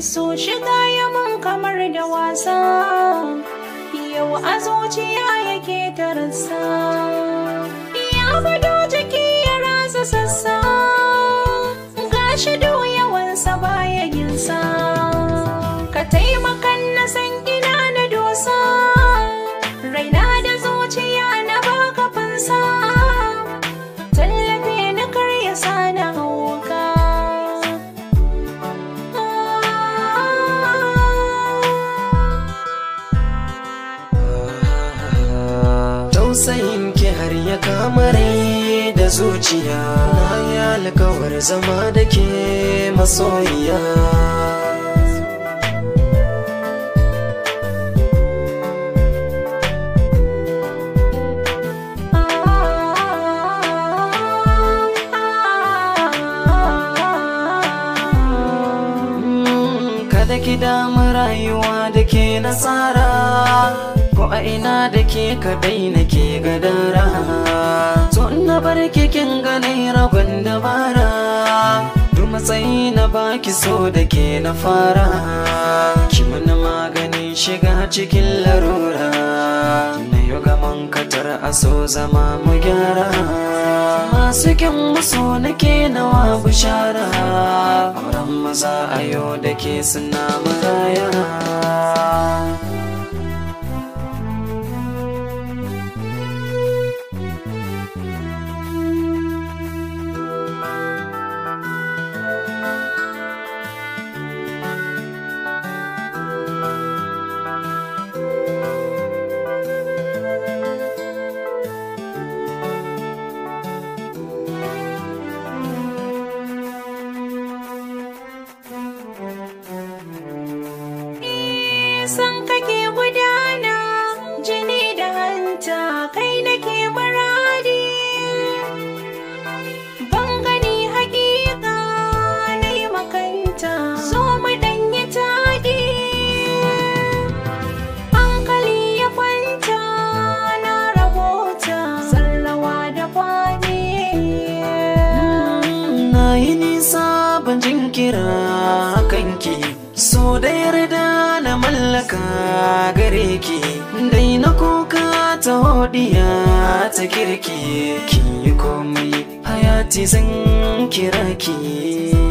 so shiga ya mun kamar da wasa yau a zuciya yake tarasa ya fado jiki ya rasa sassa tausayin ke har ya kamare da zuciya na yi alkawar zama da ke masoyiya hmm, kada ki damu rayuwa da ke nasara ko a ina da ke kadai nake gadara Tun na bar kikin ganin rabon dabara duk matsayi na baki so da ke na fara ki mana maganin shiga cikin larura na yi gaman katar a so zama mu gyara masu kyan maso nake nawa bishara auren maza a yau da ke suna maraya san kake gudana jini da hanta kai nake maradi ban gani hakika na yi makanta so mu danyi taɗi hankali ya kwanta na rabota sarrawa da kwani na yi nisa ban jinkira kanki so da yarda na mallaka gare ki dai na kuka ta hodiya ta kirki ki yi komai hayati zan kira ki